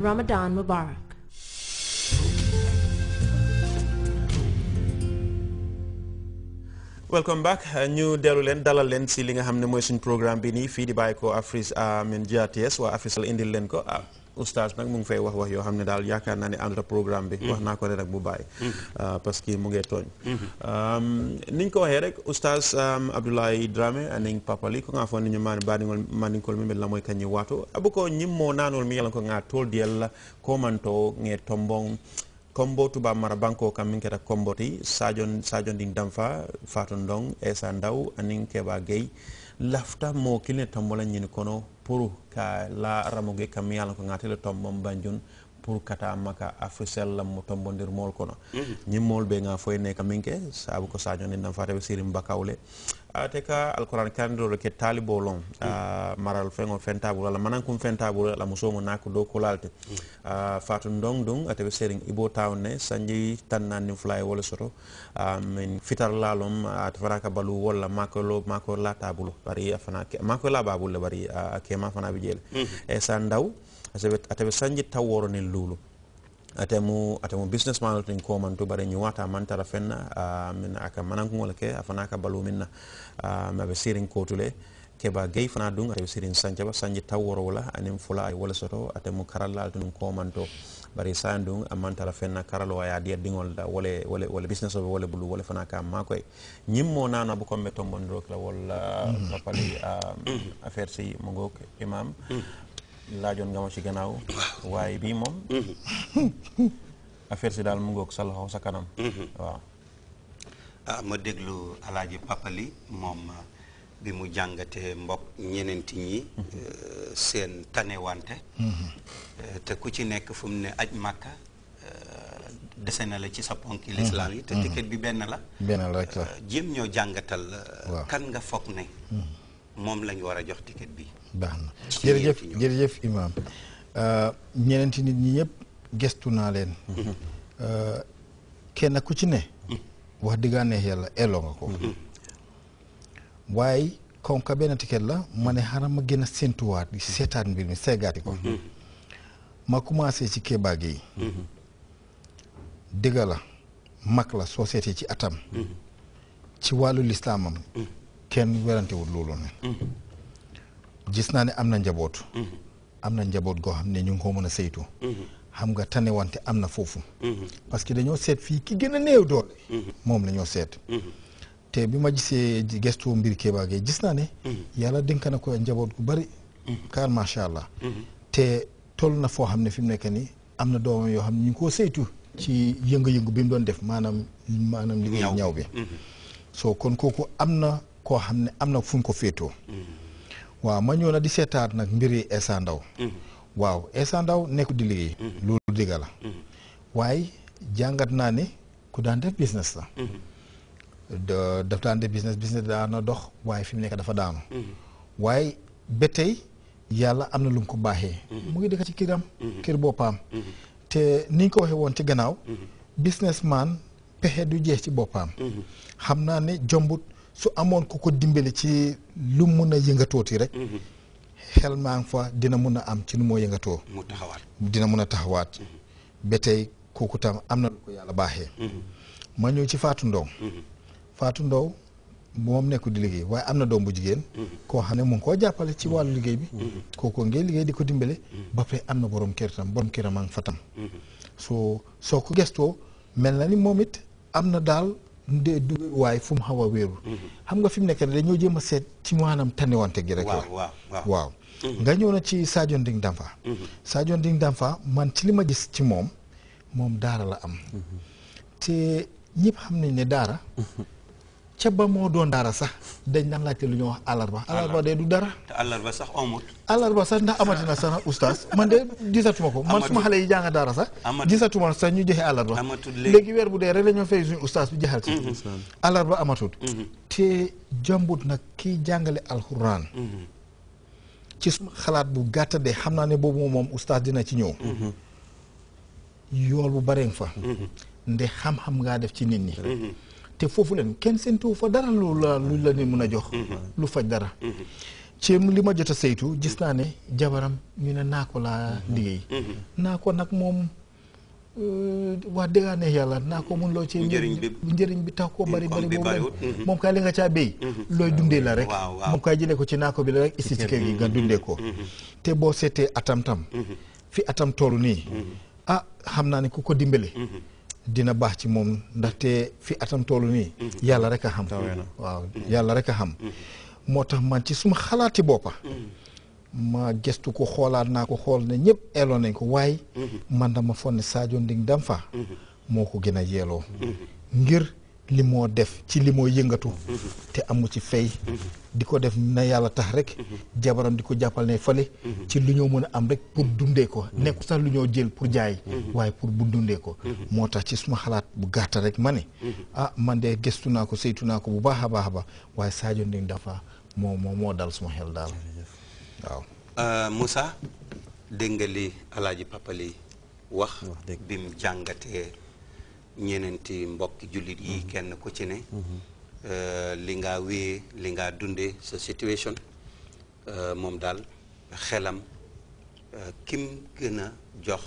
Ramadan Mubarak. welcome back ñu dellu leen dalal leen si li nga programme bi nii fii di bàyyi ko Africe Amin ah, Diaties waa indil ko ah. oustaz nag mu ngi fay wax wax yoo xam ne daal yaakaar naa ne àndut ak programme bi mm-hmm. wax naa ko ne rek mu bàyyi mm-hmm. euh, parce que mu ngee tooñ mm-hmm. um, niñ ko waxee rek oustaz um, Abdoulaye Dramé aniŋ papali ko ŋa fo niñu baadiŋol mandinkol min be lamoy kañi waato abu ko ñiŋ moo naanol mi yalan ko ŋa tool diyal la komanto ŋe tomboŋ kombo tuba mara banko kam min keta komboti sajon sajon din damfa faton dong esa ndaw anin keba gay lafta mo kilne tombola ñin kono pour ka la ramoge kam yalla ko ngatele tombom banjun pour kata maka afrisel lam mo tombondir mool kono ñim mhm. mool be nga foye ne kaminke saabu ko saño ne nam faatabe sirim bakawle ate ka alquran kandido ke talibo lon mm. ah, maral feŋo fentabu walla manan kum fentabu la musoŋo nako do kolalte mm. ah, fatu ndong dong ate be seriŋ ibo tawne ne sanji tannan nin fula wala wole soto ah, min fitar la lom ate fana ka balu wala makolo mako la tabulo bari afana mako la babulo bari a kema fana be jele mm. e eh, sa ate be sanji taworo nin lulu atemu atemu business man tin ko man to bare ni wata man tara fenna uh, min aka manan ngol ke afana ka balu min uh, ah, ma be sirin ko tule ba gay fana dun atemu sirin sanje ba sanje taworo wala anim fula ay wala soto atemu karalla tin ko man to bare sayan dun amman tara fenna karalo aya di dingol da wala wala wala business o wala bulu wala fana ka ma koy nyim mo nana bu ko mon rok la wala papali ah, affaire si mongok imam mm. laajoon nga ma ci gannaaw. waaye bii moom. Mm-hmm. affaire si daal mu ngoog sa loxo sa kanam. Mm-hmm. waaw. ah déglu alaaji papali moom ah, bi mu jàngatee mbokk ñeneenti ñi. Mm-hmm. Euh, seen tanewante. Euh, te ku ci nekk fum ne aj màkka euh, dese na la ci sa ponki lislaam yi. te ticket bi benn la. jéem ñoo jàngatal. kan nga foog ne. moom lañu war a jox ticket bi. baax na jërëjëf jërëjëf imaam euh, ñeneenti nit ñi ñëpp gestu naa leen mhm. euh, kenn ku ci ne mhm. wax dëgg neex yàlla elloo nga ko mhm. waaye comme que benn ticket la ma ne xaaral ma gën a séntuwaat seetaat mbir mi seggaati ko ma commencé ci Kéba Gueye dëgg la mag la soo seetee ci atam ci wàllu lislaamam kenn werantewul loolu ne gis naa ne am na njaboot. am na njaboot goo xam ne ñu ngi ko mën a saytu. xam nga tane wante am na foofu. parce que dañoo seet fii ki gën a néew doole. moom la ñoo seet. te bi ma gisee gestu mbir Keba Gueye gis naa ne. yàlla dénk na ko njaboot gu bari. car macha allah. te toll na foo xam ne fi mu nekk ni am na doomam yoo xam ne ñu ngi koo saytu. ci yëngu-yëngu bi mu doon def maanaam maanaam liggéey ñaw bi. soo kon kooku am na koo xam ne am na fu ñu ko féetoo. waaw ma ñëw na di seetaat nag mbiri Essa mhm. waaw Essa nekku di liggéey mhm. loolu dëgg la mhm. waaye jàngat naa ne ku daan def business la daf daan def business business daana dox waaye fi mu nekk dafa daanu waaye ba tey yàlla am na lu mu ko baaxee mu ngi dëkk ci këram kër boppam te ni ñu ko waxee woon ci gannaaw man pexe du jeex ci boppam xam naa ne jombut su amoon ku ko dimbale ci lu mun a yëngatooti rek. Mhm. xel maa ngi fa dina mun a am ci nu moo yëngatoo. mu taxawaat dina mun a taxawaat. Mhm. ba tey kooku tam am na lu ko yàlla baaxee. Mhm. ma ñëw ci faatu Ndong. Fatou Ndong moom nekku di liggéey waaye am na doom bu jigéen. koo xam ne mu ngi koo jàppale ci wàllu liggéey bi. kooku ngay liggéey di ko dimbale. ba am na borom kër tam borom këram a ngi fa tam. soo ko gestoo mel na ni moom it am na daal. waaye fu mu hawa a mhm. xam nga fi mu nekk ne dañoo jéem a seet ci maanaam gi rek waaw mhm. nga ñëw na ci Sadio Nding Danfa mhm. Sadio Nding Danfa man ci li ma gis ci moom moom daara la am te ñëpp xam nañ ne daara ca ba moo doon dara sax dañ daan laajte lu ñuy wax àllarba. àllarba de du dara. te ba sax amut. àllarba sax ndax amati na sax oustaz man de gisatuma ko. man suma xale yi jàng daara sax. gisatuma sax ñu joxe àllarba. léegi weer bu dee rek la ñu fay suñu oustaz bi jaxal ci. Mm-hmm. àllarba amatut. Mm-hmm. te jambut nag kii jàngale alxuraan. Mm-hmm. ci suma xalaat bu gàtt de xam naa ne boobu moom oustaz dina ci ñëw. yool bu bare fa. nde xam-xam ngaa def ci nit ñi. te foofu leen kenn séntu fa dara lu la lu la ni mën a jox. Mhm. lu faj dara. Mhm. ci li ma jot a saytu gis naa ne jabaram ñu ne naa ko laa mhm. liggéey. naa ko nag moom euh, waa dëgg ne yàlla naa ko mun loo ci njëriñ bi njëriñ bi tax ko bari bari boobu moom kay li nga caa béy. looy dundee la rek. moom kay jëlee ko ci naa ko bi la rek isitike gi nga dundee ko. te boo seetee atam tam. fi atam toolu nii. ah xam naa ne ku ko dimbale. dina baax ci moom ndaxte fi atam toolu nii. Mhm. yàlla rek a xam. waaw mhm. yàlla rek a xam. Mhm. moo tax man ci suma xalaati boppa ma gestu ko xoolaat naa ko xool ne ñëpp eeloon nañ ko waaye. man dama foog ne Sadio dam fa moo ko gën a yeeloo. ngir. li moo def ci li moo yëngatu mm-hmm. te amu ci fay mm-hmm. di ko def na yàlla tax rek mm-hmm. jabaram di ko jàppal ne fale ci lu ñoo mën a am rek pour dundee ko nekku sax lu ñoo jël pour jaay waaye pour bu dundee ko tax ci suma xalaat bu gàtta rek ma ne ah man de gëstu naa ko saytu naa ko bu baax a baax a waaye Sadio Nding dafa moo moo moo dal suma xel daal waaw euh, Moussa dégg nga li Alaaji Papa wax bi mu jàngatee ñeneenti mbokki jullit yi mhm. kenn ku ci ne mhm. euh, li nga wéyee li nga dundee sa situation euh, moom daal xelam euh, kim gën a jox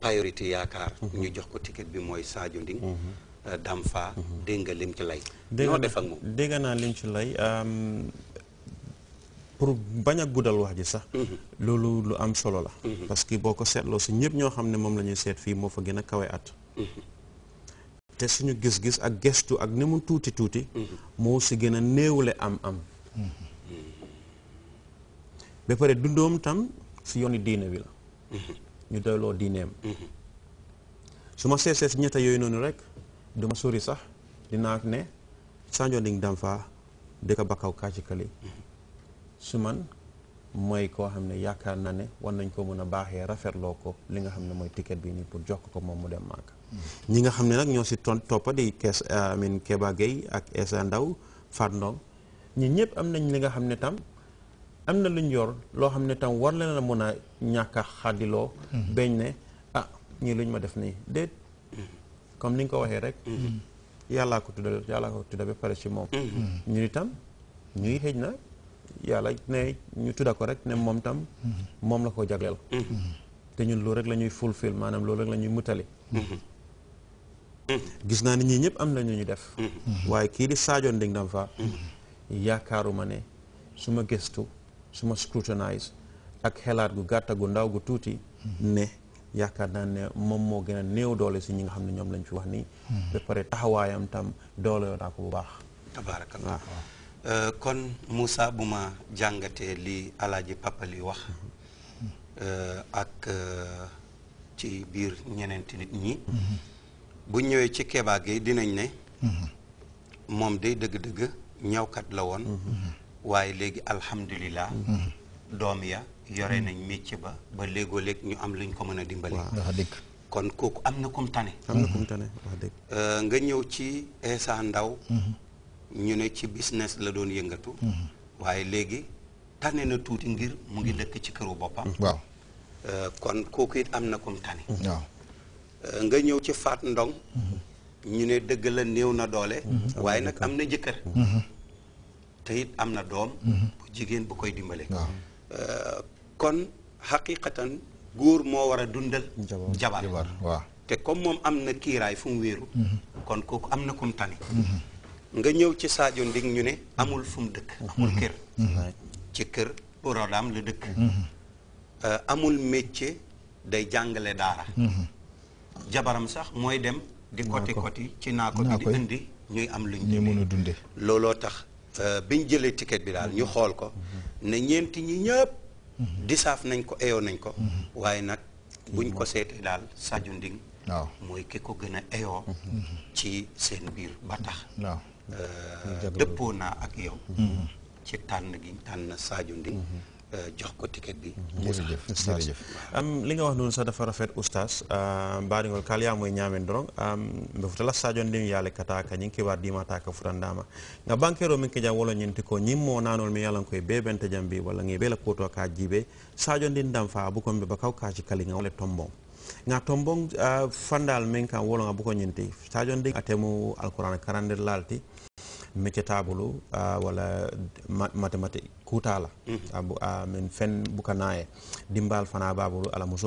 priorité yaakaar mhm. ñu jox ko ticket bi mooy Sadio Ndingue Damfa dégg nga lim ci lay noo def ak moom naa lim ci lay pour bañ a guddal wax ji sax loolu lu am solo la parce que boo ko seetloo si ñëpp ñoo xam ne moom la ñuy seet fii moo fa gën a kawe at te suñu gis-gis ak gestu ak ni mu tuuti tuuti moo si gën a néewle am am ba pare dundoom tam si yooni diine bi la ñu doyloo diineem su ma seesee si ñetta yooyu noonu rek duma sori sax dinaa ne sanjonding dam fa dëkk bakkaw kaaci kali su man mooy koo xam ne yaakaar naa ne war nañ koo mën a baaxee rafetloo ko li nga xam ne mooy ticket bi nii pour jox ko moom mu dem Màkka. ñi nga xam ne nag ñoo si ton toppa di kees amin Keba Gueye ak Essa Ndaw Fatou Ndong ñi ñëpp am nañ li nga xam ne tam am na luñ yor loo xam ne tam war leen la mën a ñàkk a xaddiloo mm-hmm. beñ ne ah ñii luñ ma def nii déet comme ni nga ko waxee rek mm-hmm. yàllaa ko tudda yàllaa ko tudda ba pare si moom mm-hmm. ñu itam ñuy xëj na yàlla ne ñu tudda ko rek ne moom tam moom la ko jagleel mm-hmm. te ñun loolu rek lañuy ñuy fulfil maanaam loolu rek la ñuy mutali mm-hmm. gis naa ni ñii ñëpp am na ñu ñu def mm-hmm. waaye kii di Sadio Nding Namfa yaakaaruma ne su ma gëstu su ma scrutinise ak xelaat gu gàtta gu ndaw gu tuuti ne yaakaar naa ne moom moo gën a néew doole si ñi nga xam ne ñoom lañ fi wax nii pare taxawaayam tam doole yoo naa ko bu baax tabaarakallah Euh, kon Moussa bu ma jàngatee li alaaji papa li wax euh, ak euh, ci biir ñeneenti nit ñi bu ñëwee ci Kéba Gueye dinañ ne moom day dëgg-dëgg ñawkat la woon waaye léegi alhamdulilah doom ya yore nañ métier ba ba léegoo léeg ñu am luñ ko mën a dimbali kon kooku am na kum tane am na kum tane wax nga ñëw ci Essa Ndaw mhm. ñu ne ci business la doon yëngatu. Mhm. waaye léegi tànne na tuuti ngir mu ngi dëkk ci këru boppam. Mhm. waaw euh, kon kooku am na comme mhm. euh, nga ñëw ci faat ndong ñu ne dëgg néew na doole. waaye nag am na jëkkër. te it am na doom. bu jigéen bu koy dimbale. Euh, kon xaqiqatan góor moo war a dundal. jabar jabar comme moom am na kiiraay fu mu wéeru. kon kooku am na comme tane. nga ñëw ci Sadio Ndig ñu ne amul fu mu dëkk amul mhm. kër mhm. Mhm. ci kër Ourodaam la dëkk euh, amul métier day jàngale daara jabaram sax mooy dem di koti koti ci naa ko di indi ñuy am luñ mën a dunde looloo tax euh, biñ jëlee ticket bi daal ñu xool ko ne ñeenti ñi di saaf nañ ko eyoo nañ ko waaye nag buñ ko seetee daal Sadio Nding waaw mooy ki ko gën a eyoo ci seen biir ba tax dëppoo naa ak yow mm-hmm. ci tànn gi tànn Sadio Nding mm-hmm. euh, jox ko ticket bi mm-hmm. jërëjëf jërëjëf li nga wax noonu sax dafa rafet oustas mbaɗigol euh, kalyamoye ñamen doron mbe futala sadio ndin yaale kata kañin kibar dimata ka futandama nga bankero min ke jam wolo ñinti ko ñimmo nanol mi yalan koye be bente jam bi walla ngi bela koto ka jiibe sadio a dam fa ba be bakaw kaci kali nga wole tombon nga tombon euh, fandal min kan wolo nga bukon ñinti sadio ndin atemu alqouran meccetaabulu euh, walla mathématique kuutaala mm-hmm. amin ah, ah, fen buka naaye dimbal fana baabulu ala muso